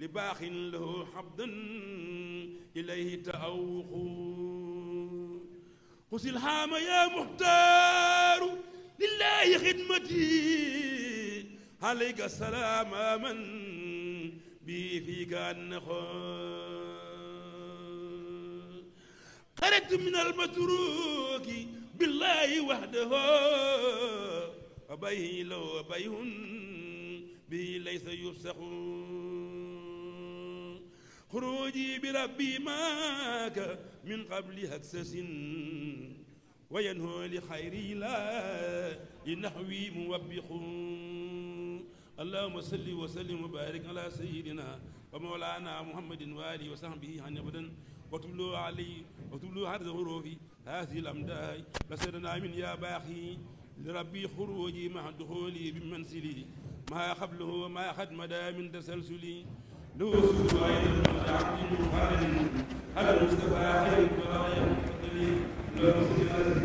li baaxin lahu xabdan ilayhi taawuqu xusil xaama yaa muxtaaru lillaahi xidmati alayka salaama man bi fii kaan xarat min almatruki billaahi waxdahu wa bayhi law bayhun bi laysa yufsaxu xuruji bi rabbi maaka min qabli haksasin wa yanhoo li xayri laa li naxwi muwabbixun allahuma salli wa sallim wa barik ala sayidina wa mawlana muhammadin wa alihi wa sahbihi an abadan wa tublu alay wa tublu arda xurufi hadihi lamdaay basadana min ya baaxi li rabbi xuruji ma duxuli bi mansili maa xablahu wa maa xad mada min tasalsuli لو سوء أيضا متعقد قال منه هل المصطفى خير البرايا المفضلين لو نخذ هذا منه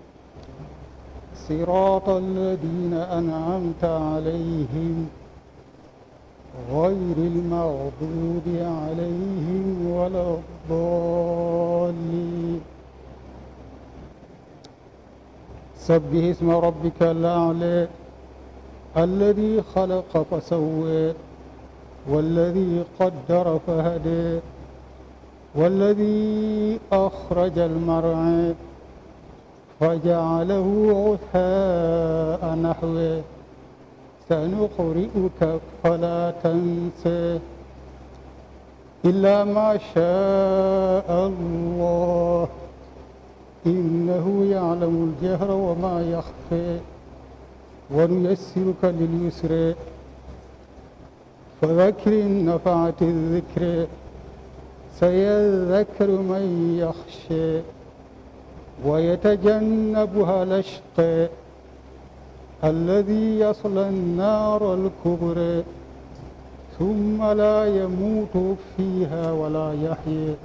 صراط الذين أنعمت عليهم غير المغضوب عليهم ولا الضالين سبح اسم ربك الأعلى الذي خلق فسوى والذي قدر فهدى والذي أخرج المرعى وجعله غثاء نحوه سنقرئك فلا تنسى إلا ما شاء الله إنه يعلم الجهر وما يخفى ونيسرك لليسر فذكر نفعت الذكر سيذكر من يخشى ويتجنبها الأشقى الذي يصلى النار الكبرى ثم لا يموت فيها ولا يحيى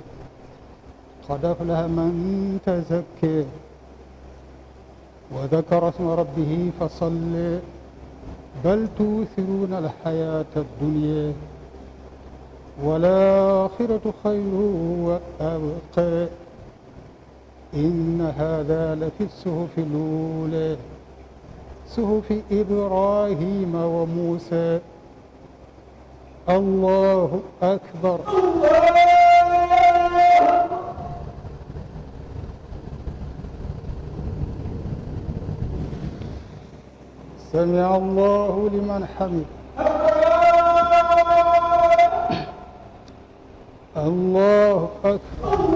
قد أفلح من تزكى وذكر اسم ربه فصلى بل توثرون الحياة الدنيا والآخرة خير وأبقى إن هذا لفي الصحف الأولى صحف إبراهيم وموسى الله أكبر سمع الله لمن حمد الله أكبر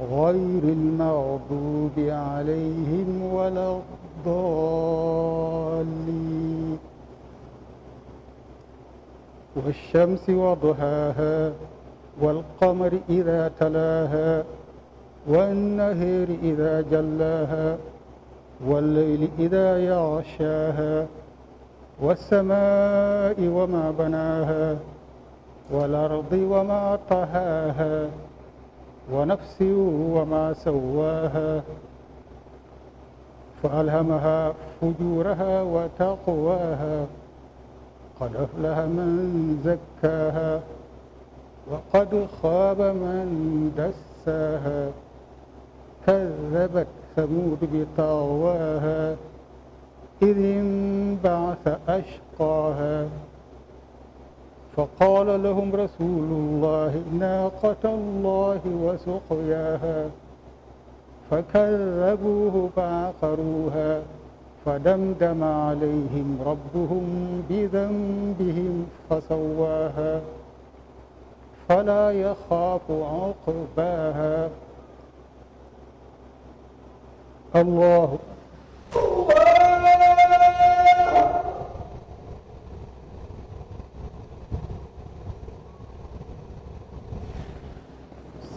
غير المغضوب عليهم ولا الضالين والشمس وضحاها والقمر إذا تلاها والنهر إذا جلاها والليل إذا يغشاها والسماء وما بناها والأرض وما طهاها ونفس وما سواها فألهمها فجورها وتقواها قد أفلح من زكاها وقد خاب من دساها كذبت ثمود بطغواها إذ انبعث أشقاها فقال لهم رسول الله ناقة الله وسقياها فكذبوه فعقروها فدمدم عليهم ربهم بذنبهم فسواها فلا يخاف عقباها الله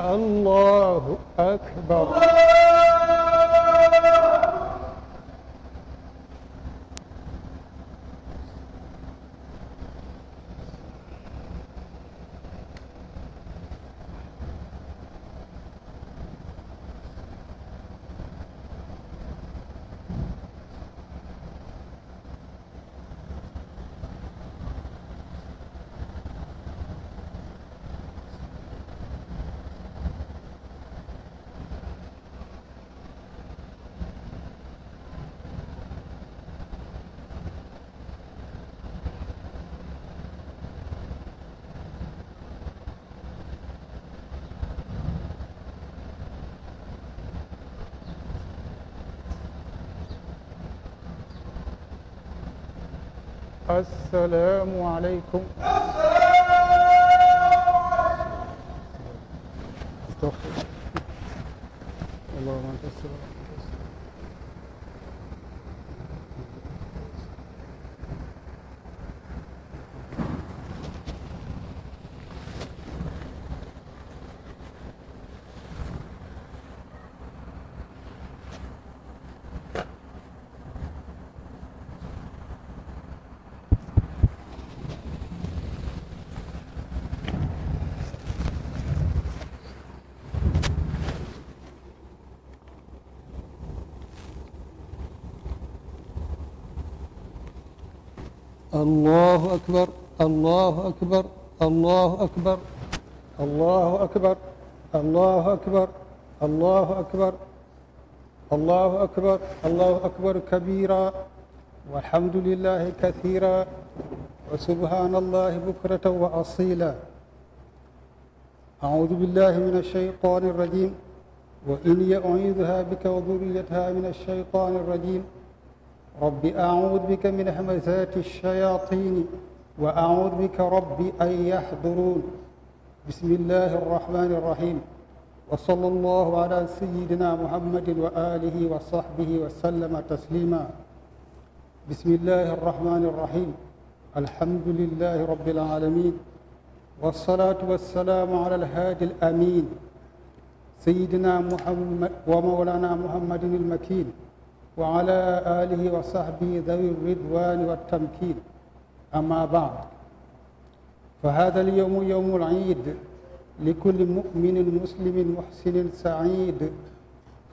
الله أكبر assalaamu aleykum الله أكبر الله أكبر الله أكبر الله أكبر الله أكبر الله أكبر الله أكبر الله أكبر كبيرا والحمد لله كثيرا وسبحان الله بكرة وأصيلا أعوذ بالله من الشيطان الرجيم وإني أعيذها بك وذريتها من الشيطان الرجيم rabbi acuudu bika min hamazaati shayaatiini wa acuudu bika rabbi an yaxduruun bismillahi arrahmaani arrahiim wa sallallahu ala sayyidina muhammadin wa aalihi wa sahbihi wa sallama tasliima bismillahi arrahmaani arrahiim alhamdulillahi rabbil aalamiin wasalaatu wasalaamu ala alhaadi alamiin sayyidina muhammad wa mawlaana muhammadin almakiin وعلى آله وصحبه ذوي الردوان والتمكين أما بعد فهذا اليوم يوم العيد لكل مؤمن مسلم محسن سعيد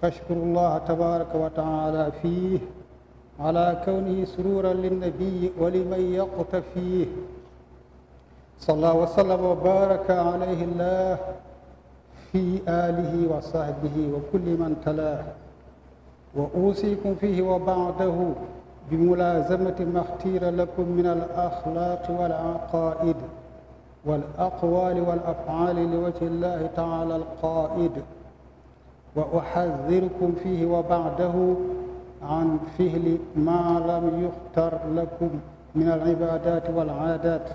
فاشكر الله تبارك وتعالى فيه على كونه سرورا للنبي ولمن يقتفيه صلى وسلم وبارك عليه الله في آله وصحبه وكل من تلاه وأوصيكم فيه وبعده بملازمة ما اختير لكم من الأخلاق والعقائد والأقوال والأفعال لوجه الله تعالى القائد وأحذركم فيه وبعده عن فعل ما لم يختر لكم من العبادات والعادات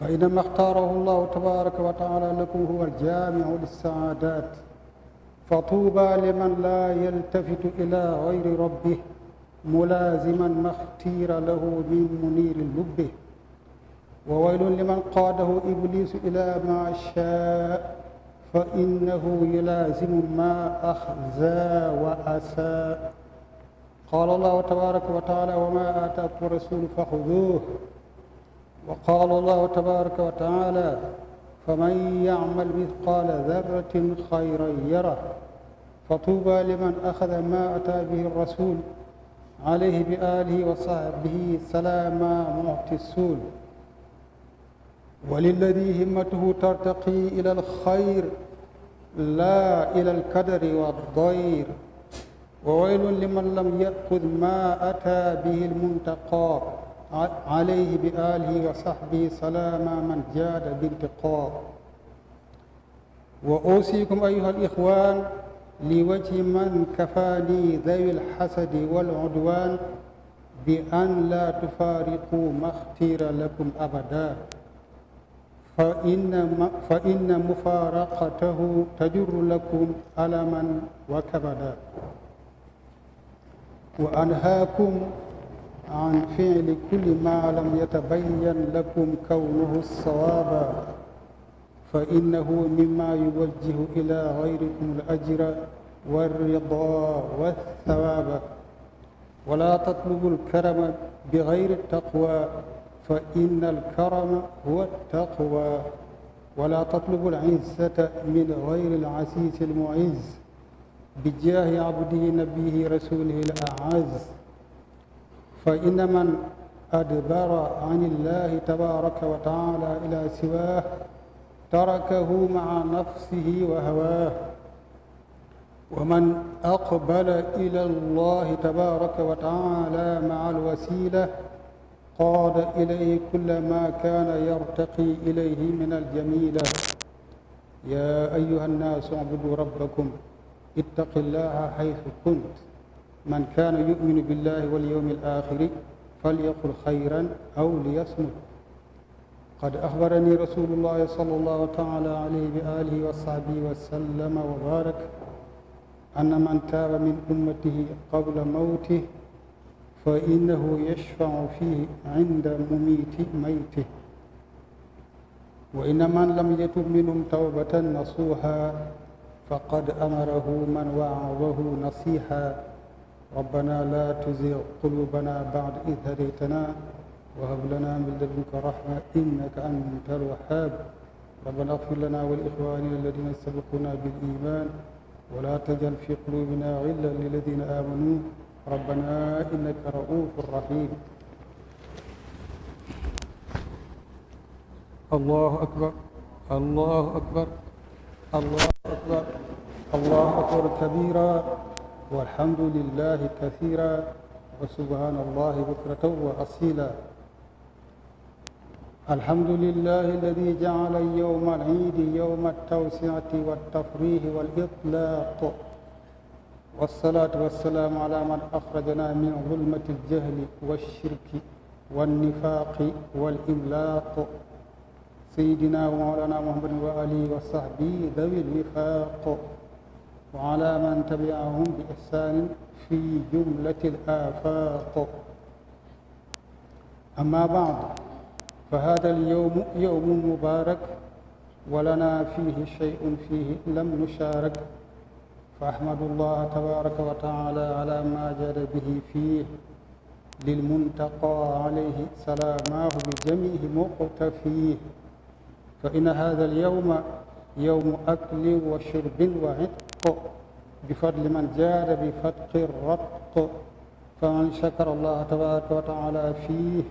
فإنما اختاره الله تبارك وتعالى لكم هو الجامع للسعادات فطوبى لمن لا يلتفت إلى غير ربه ملازما ما اختير له من منير لبه وويل لمن قاده إبليس إلى ما شاء فإنه يلازم ما أخزى وأساء قال الله تبارك وتعالى وما آتاكم الرسول فخذوه وقال الله تبارك وتعالى فمن يعمل مثقال ذرة خيرا يره فطوبى لمن أخذ ما أتى به الرسول عليه بآله وصحبه سلام معطي السول وللذي همته ترتقي إلى الخير لا إلى الكدر والضير وويل لمن لم يأخذ ما أتى به المنتقى عليه بآله وصحبه سلام من جاد بانتقاء وأوصيكم أيها الإخوان لوجه من كفاني ذوي الحسد والعدوان بأن لا تفارقوا ما اختير لكم أبدا فإن, فإن مفارقته تجر لكم ألما وكبدا وأنهاكم عن فعل كل ما لم يتبين لكم كونه الصواب فإنه مما يوجه إلى غيركم الأجر والرضا والثواب ولا تطلبوا الكرم بغير التقوى فإن الكرم هو التقوى ولا تطلبوا العزة من غير العزيز المعز بجاه عبده نبيه رسوله الأعز فإن من أدبر عن الله تبارك وتعالى إلى سواه تركه مع نفسه وهواه ومن أقبل إلى الله تبارك وتعالى مع الوسيلة قاد إليه كل ما كان يرتقي إليه من الجميلة يا أيها الناس اعبدوا ربكم اتقوا الله حيث كنت man kaana yuminu billahi wal yawmi alaaxiri falyaqul xayran aw liyasmut qad axbarani rasulullahi sallallahu taala alayhi wa alihi wa sahbihi wa sallama wa baarak anna man taaba min ummatihi qabla mawtihi fa innahu yashfau fihi inda mumiiti maytihi wa inna man lam yatub minhum tawbatan nasuha faqad amarahu man waadahu nasiha ربنا لا تزغ قلوبنا بعد إذ هديتنا وهب لنا من لدنك رحمة إنك أنت الوهاب ربنا اغفر لنا ولإخواننا الذين سبقونا بالإيمان ولا تجعل في قلوبنا غلا للذين آمنوا ربنا إنك رؤوف رحيم الله أكبر الله أكبر الله أكبر الله أكبر كبيرا والحمد لله كثيرا وسبحان الله بكرة وأصيلا الحمد لله الذي جعل يوم العيد يوم التوسعة والتفريح والإطلاق والصلاة والسلام على من أخرجنا من ظلمة الجهل والشرك والنفاق والإملاق سيدنا ومولانا محمد وآله وصحبه ذوي الوفاق وعلى من تبعهم بإحسان في جملة الآفاق أما بعد فهذا اليوم يوم مبارك ولنا فيه شيء فيه لم نشارك فأحمد الله تبارك وتعالى على ما جاد به فيه للمنتقى عليه سلاماه بجميع مقتفيه فإن هذا اليوم يوم أكل وشرب وعتق الرق بفضل من جاد بفتق الرق فمن شكر الله تبارك وتعالى فيه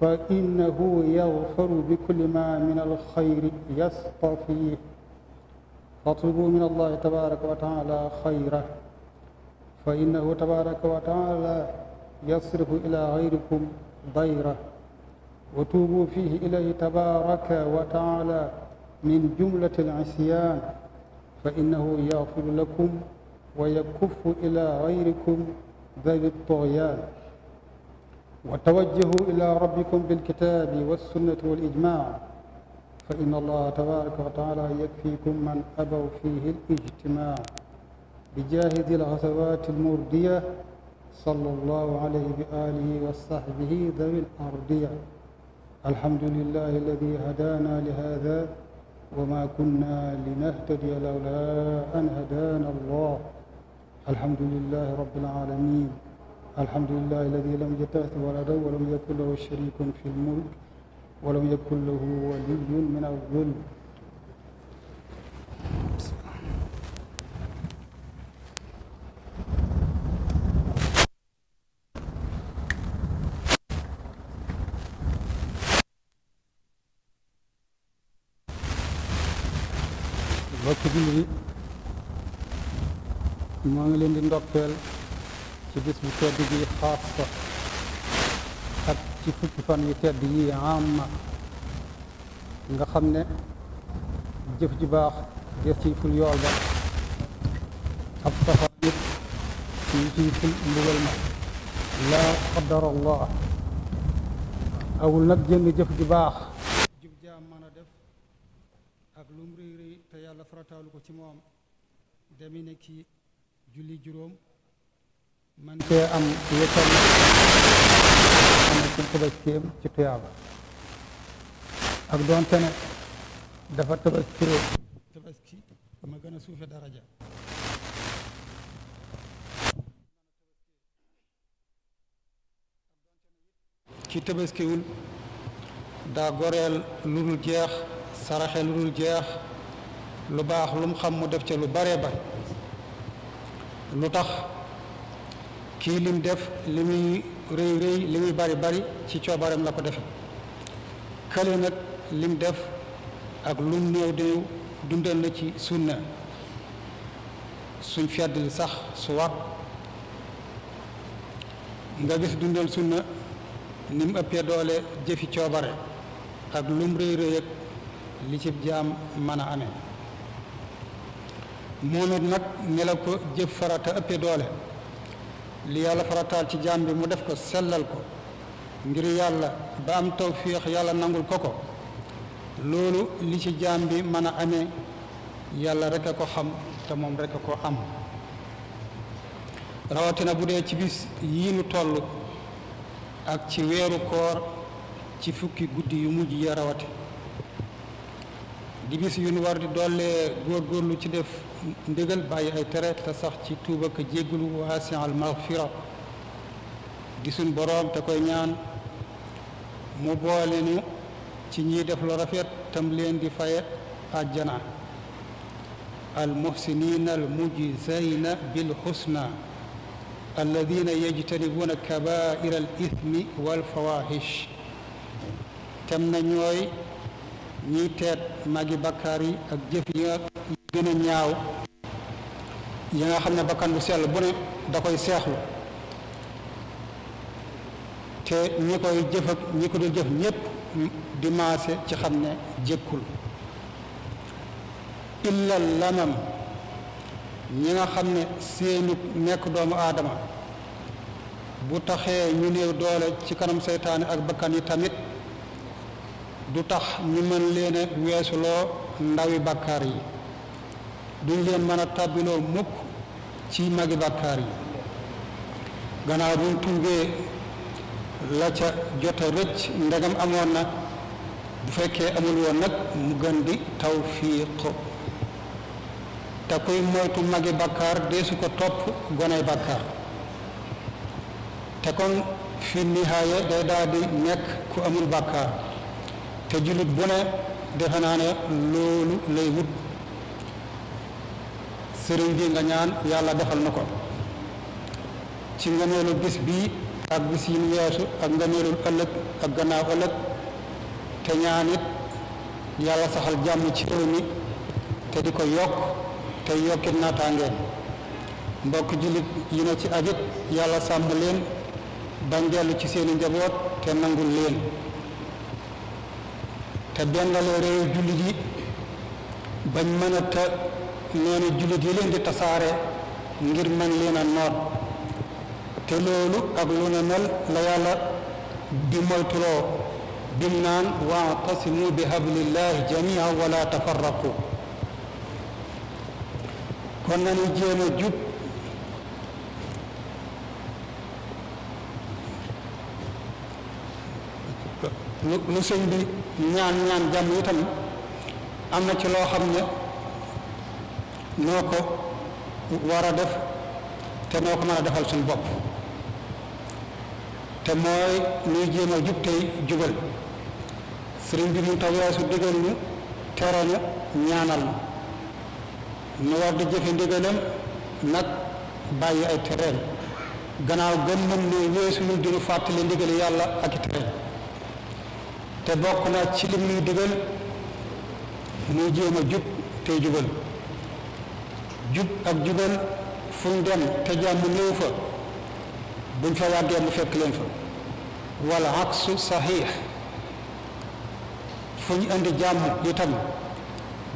فإنه يغفر بكل ما من الخير يصطفيه فاطلبوا من الله تبارك وتعالى خيره فإنه تبارك وتعالى يصرف إلى غيركم ضيره وتوبوا فيه إليه تبارك وتعالى من جملة العصيان فإنه يغفر لكم ويكف إلى غيركم ذوي الطغيان وتوجهوا إلى ربكم بالكتاب والسنة والإجماع فإن الله تبارك وتعالى يكفيكم من أبوا فيه الاجتماع بجاه ذي الغزوات المردية صلى الله عليه بآله وصحبه ذوي الأرضية الحمد لله الذي هدانا لهذا وما كنا لنهتدي لولا أن هدانا الله الحمد لله رب العالمين الحمد لله الذي لم يتأث ولدا ولم يكن له شريك في الملك ولم يكن له ولي من الظلم mbokki jullit yi moo ngi leen di ndokkeel ci bis bu tedd gi xaas ko ak ci fukki fan yu tedd yi amma nga xam ne jëf ji baax des ciy ful yool ab safa nit ñu ciy ful mbugal ma laa qadar allah awul nag jënd jëf ji baax mën a def ak te yàlla farataalu ko ci moom demi ne ki julli juróom man tee am wétal am ci tabaskiam ci tuyaaba ak doonte ne dafa tabaski tabaski ma gën a suufe daraja ci tabaskiwul daa goreel lu jeex saraxe lu jeex lu baax lu mu xam mu def ca lu baree bari lu tax kii lim def li muy rëy rëy li muy bari bari ci coobareem la ko defe kële nag lim def ak lum néew néew dundal na ci sunna suñ feddli sax su war nga gis dundal sunna ni mu ëppee doole jëfi coobare ak lum rëy rëy ak li ci jaam mën a amee moom it nag ni ko jëf farata ëppee doole li yàlla farataal ci jaam bi mu def ko sellal ko ngir yàlla ba am tawfiix yàlla nangul ko ko loolu li ci jaam bi mën a ame yàlla rek a ko xam te moom rek a ko am rawatina bu dee ci bis yii nu toll ak ci weeru koor ci fukki guddi yu mujj ya rawate di bis yu nu war di dollee góorgóorlu ci def ndigal bàyyi ay tere te sax ci tuuba ko jéggulu waasi al maghfira di boroom te koy ñaan mu boole ci ñiy def lu rafet tam leen di faye àjjana al muhsiniina al bil husna alladina yajtanibuuna kabaira al ithmi wal fawahish tem na ñooy ñiy teet magi bakkaar ak jëf yi gën a ñaaw yi nga xam ne bakkan bu sell bu ne da koy seexlu te ñi koy jëf ak ñi ko dul jëf ñépp di ci xam ne jëkkul illa lamam ñi nga xam ne seenu nekk doomu aadama bu taxee ñu néew doole ci kanam seytaane ak bakkan yi tamit du tax ñu mën leen a weesuloo ndawi bàkkaar yi duñ leen mën a tàbbiloo mukk ci magi bàkkaar yi gannaaw buñ tuubee la ca jota rëcc ndegam amoon na bu fekkee amul woon nag mu gën di tawfiiq te koy moytu magi bàkkaar deesu ko topp goney bàkkaar te kon fi nihaaya day daal nekk ku amul bàkkaar te jullit bu ne defe naa ne loolu lay wut sëriñ bi nga ñaan yàlla defal na ko ci ngëneelu bis bii ak bis yi weesu ak ngëneelul ëllëg ak gannaaw ëllëg te ñaan it yàlla saxal jàmm ci réew te di ko yokk te yokkit naataangeen mbokk jullit yi na ci ajit yàlla sàmm leen bañ dellu ci seeni njaboot te nangul leen te bendalee réew jullit yi bañ mën nee na jullit yi leen di tasaare ngir man leen a noot te loolu ak lu ne mel la yàlla di moytuloo naan wa'tasimu bi hablillahi jamia wala tafarraqu kon nañu jéem jub lu sëñ bi ñaan ñaan jàmm itam am na ci loo xam ne noo ko war a def te noo ko mën a defal suñu bopp te mooy nuy jéem a jub tey jubal sëriñ bi mu taw yaay su digal ñu tere ñu ñaanal ñu war di jëfe ndigalam nag bàyyi ay tereel gannaaw gën mën ne weesuñu di ñu fàttali ndigali yàlla ak i tereel te bokk na ci lim nuy digal nuy jéem jub tey jubal jub ak jubal fu ñu dem te jàmm néew fa buñ fa wàggee mu fekk leen fa wala aksu saxiix fu ñu indi jàmm itam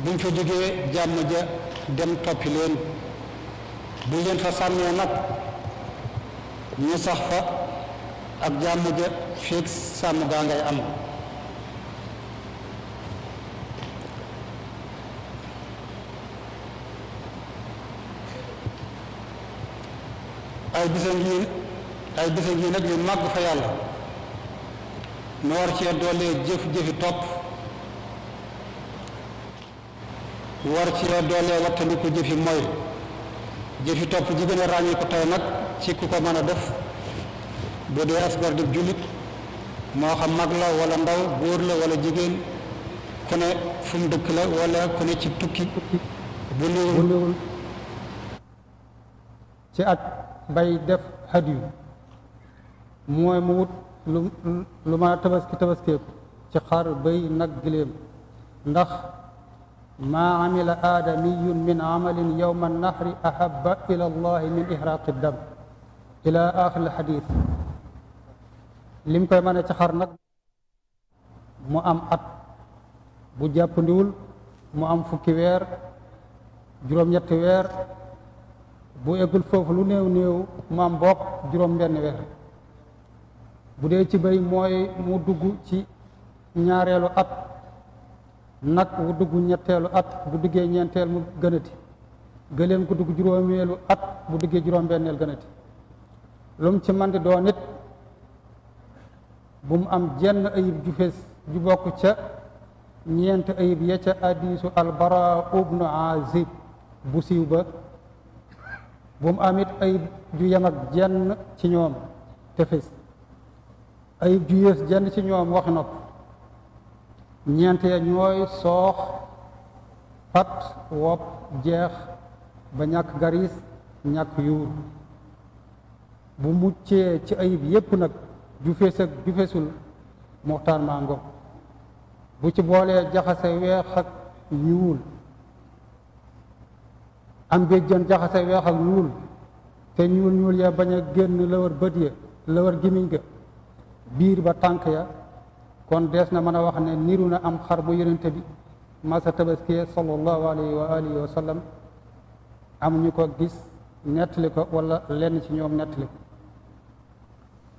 buñ fa jógee jàmm ja dem toppi leen buñ leen fa sàmmee nag ñu sax fa ak jàmm ja fekk sàmm gaa ngay am ay bisa ngi ay bisa ngi nag yu màgg fa yàlla nu war cee doolee jëf-jëfi topp war cee doolee wattandiku jëfi mooy jëfi topp ji gën a ràññee ko tey nag ci ku ko mën a def bu dee asgar di jullit moo xam mag la walla ndaw góor la walla jigéen ku ne fu dëkk la wala ku ne ci tukki bu néewul ci at bay def hadiyu mu wut lu lu ma tabaski ci xar bay nag giléem ndax maa amila aadamiyun min amalin yowma nahri ahaba ila allahi min ihraqi dam ila axiril xadis lim koy mën ci xar nag mu am at bu jàppandiwul mu am fukki weer juróom-ñetti weer bu eggul foofu lu néew néew maam mboq juróom benn weer bu dee ci béy mooy mu dugg ci ñaareelu at nag wu dugg ñetteelu at bu duggee ñeenteel mu gënati gëléem ku dugg juróomeelu at bu duggee juróom benneel gënati lu mu ci man di doon it bu mu am jenn ayib ju ju bokk ca ñeent ayib ya ca hadiisu albara ubnu azib bu siiw ba bu mu am it ayib ju yem jenn ci ñoom te ayib ju yées jenn ci ñoom wax nopp ñeent ya ñooy soox pat wopp jeex ba ñàkk garis ñàkk yuur bu muccee ci ayib yépp nag ju fés ju fésul muxtaar bu ci boolee jaxase weex ak ñuul am béjjën jaxase weex ak ñuul te ñuul ñuul ya bañ a génn lawar bët ya lawar gimiñ ga biir ba tànk ya kon dees na mën a wax ne niru na am xar mu yonente bi masa tabaskiyee sallallahu alayhi wa alihi sallam am ñu ko gis nettali ko wala lenn ci ñoom nettali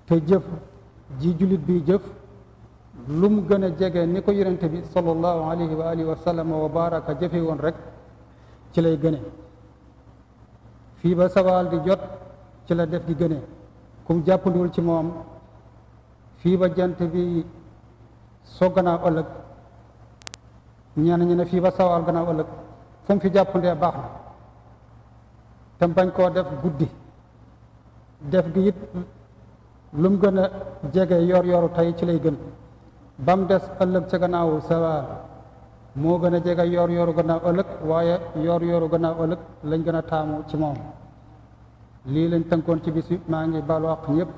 te jëf ji jullit bi jëf lu mu gën a jege ni ko yonente bi sallallahu alayhi wa alihi wa sallam wa baraka jëfe woon rek ci lay gëne fii ba sawaal di jot ci la def di gënee kum jàppandiwul ci moom fii ba jant bi soo gannaaw ëllëg ñenn ñu ne fii ba sawaal gannaaw ëllëg fu mu fi jàppandee baax te bañ koo def guddi def gi it lu mu gën a jege yor yoru tey ci lay gën ba des ëllëg ca gannaawu sawaal moo gën a jege yoor yooru gannaaw ëllëg waaye yoor yooru gannaaw ëllëg lañ gën a taamu ci moom lii lañ tënkoon ci bis maa ngi balu ak ñëpp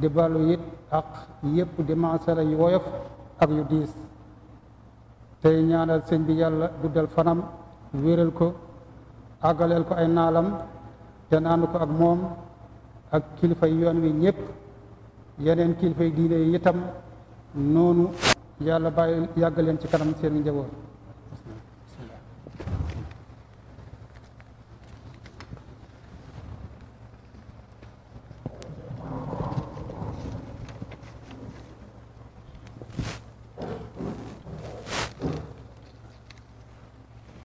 di balu it àq yëpp di maasala yu woyof ak yu diis tey ñaanal sëñ bi yàlla guddal fanam wéral ko àggaleel ko ay naalam te naanu ko ak moom ak kilifa yoon wi ñëpp yeneen kilifa diine yi itam noonu yàlla bay yàgg leen ci kanam seen njaboot